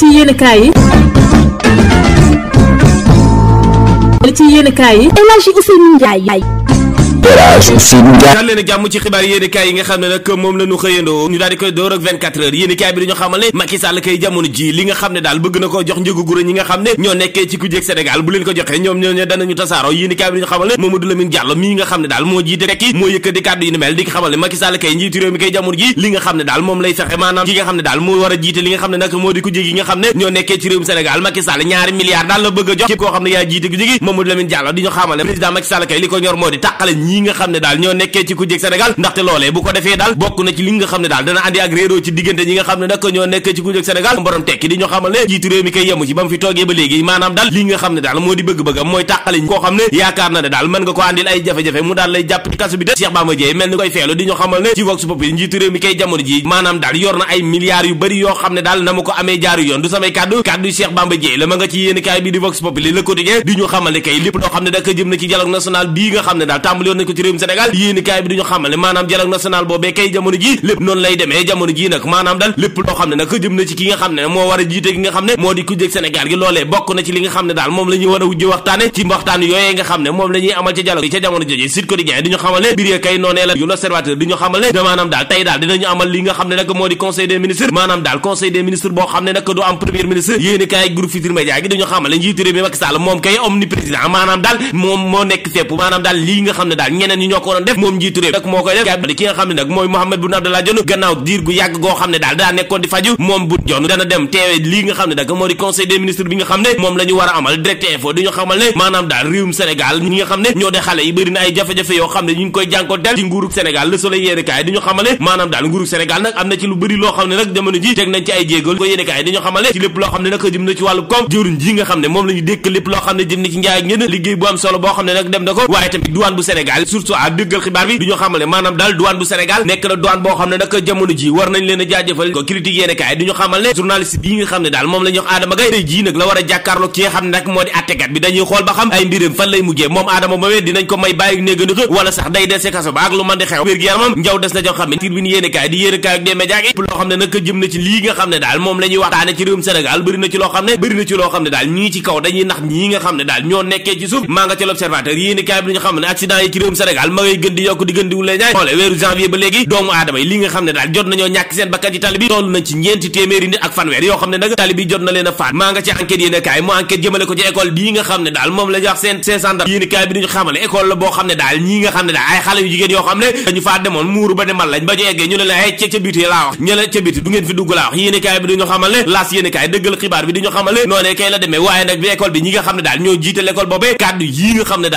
ci yenn kaay yi. ci yenn yi. El Hadji Ousseynou Elhadj leen jàmm ci xibaar yéenekaay yi nga xam ne nag moom la ñu xëyandoo ñu daal di ne Macky Sall kay jamono ji li nga xam ne daal bëgg na ko jox njëgu nga xam ne ñoo nekkee ci kujéeg Sénégal bu leen ko joxee ñoom ñoo ne danañu tasaaroo yéenekaay bi dañoo ne Mamadou Lamine Diallo mii nga moo jiite rekk moo yëkkati di ko xamal ne Macky Sall kay kay li nga xam ne daal moom lay fexe maanaam ki nga xam ne daal moo war a jiite li di kujéeg yi di ko ñor moo di tàqale ñii nga xam ne daal ñoo nekkee ci kujjeg Sénégal ndaxte loolee bu ko defee daal bokk na ci li nga xam ne daal dana andi ak réeroo ci diggante ñi nga xam ne nag ñoo nekkee ci kujjeg Sénégal borom tekki di ñoo xamal ne jiitu réew mi koy yemu ci ba mu fi toogee ba léegi maanaam daal li nga xam ne daal moo di bëgg-bëggam mooy tàqali koo xam ne yaakaar na ne daal mën nga ko àndil ay jafe-jafe mu daal lay jàpp ci kasu bi te Cheikh Bamba Dièye mel ni koy feelu di ñoo xamal ne ci vox populi njiitu réew mi koy jamono ji maanaam daal yor na ay milliards yu bëri yoo xam ne daal na ma ko amee jaaru yoon du samay kàddu kàddu Cheikh Bamba Dièye la ma nga ci yéenekaay bi di vox populi le quotidien di ñu xamal ne kay lépp loo xam ne da ko jëm na ci dialogue national bii nga xam ne daal tàmbali laajoon ko ci réewum Sénégal yéeni kaay bi du ñu xamal gi dañu xamal ne réew mi Macky Sall moom kay omniprésident maanaam daal moom moo nekk fépp maanaam daal lii nga xam ne daal ñeneen ñi ñoo ko waroon def moom njiitu réew nag moo koy def gaa di ki nga xam ne nag mooy Mohamed Boun Abdallah Dionne gannaaw diir gu yàgg goo xam ne daal daa nekkoon di faju moom bu Dionne dana dem teewe lii nga xam ne nag moo di conseil des ministres bi nga xam ne moom la ñu war a amal direct info di ñu xamal ne maanaam daal réewum Sénégal ñi nga xam ne ñoo de xale yi bëri na ay jafe-jafe yoo xam ne ñu ngi koy jànkonteel ci nguurug Sénégal le soleil yéene kaay di ñu xamal ne maanaam daal nguurug Sénégal nag am na ci lu bëri loo xam ne nag jamono ji teg nañ ci ay jéego ko yéene kaay di ñu xamal ne ci lépp loo xam ne nag jëm na ci wàllu koom jëwriñ ji nga xam ne moom la ñu dékk lépp loo xam ne jëm na ci njaay ak ñenn liggéey bu am solo boo xam ne nag dem na ko waaye tamit duwaan bu Sénégal Sénégal surtout ak dëggal xibaar bi du ñu xamale maanaam daal douane bu Sénégal nekk na xamal ne journaliste bii nga nga xam ne daal moom la waxtaane ci réewum Sénégal bëri na ci loo xam ne bëri na ci loo xam ne daal ñii ci kaw dañuy nax ñii nga xam ne daal ñoo nekkee ci suuf maa nga ca l'observateur yéene bi ñu xam ne accident yi réewum Sénégal ma gën di yokk di gën di wulee ñaay xoole weeru janvier ba léegi doomu aadama yi li nga xam ne daal jot nañoo ñàkk seen bakkan ci tali bi toll nañ ci ñeenti téeméeri nit ak fanweer yoo xam ne daal moom la ñu seen seen sandar yéen ne daal ñii nga ñu eggee ne la ay eh, ca ñu xamal ne laas yéen dëggal xibaar bi duñu xamal ne noonee kay la demee waaye nag bi école bi ñi nga xam ne daal ñoo jiite l'école boobee kàddu yii nga xam ne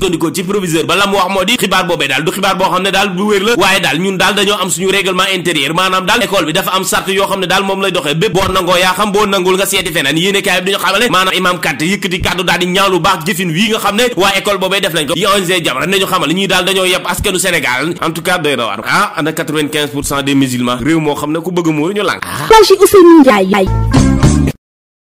sukkandikoo ci proviseur ba la mu wax moo di xibaar boobee daal du xibaar boo xam ne daal bu wér la waaye daal ñun daal dañoo am suñu règlement intérieur maanaam daal école bi dafa am sart yoo xam ne daal moom lay doxee bépp boo nangoo yaa xam boo nangul nga seeti feneen yéene kaay bi dañu xamale maanaam imaam Kanté yëkkati kàddu daal di ñaaw baax jëfin wii nga xam ne waa école boobee def nañ ko yi ONG Jamra nañu xamal ñii daal dañoo yeb askanu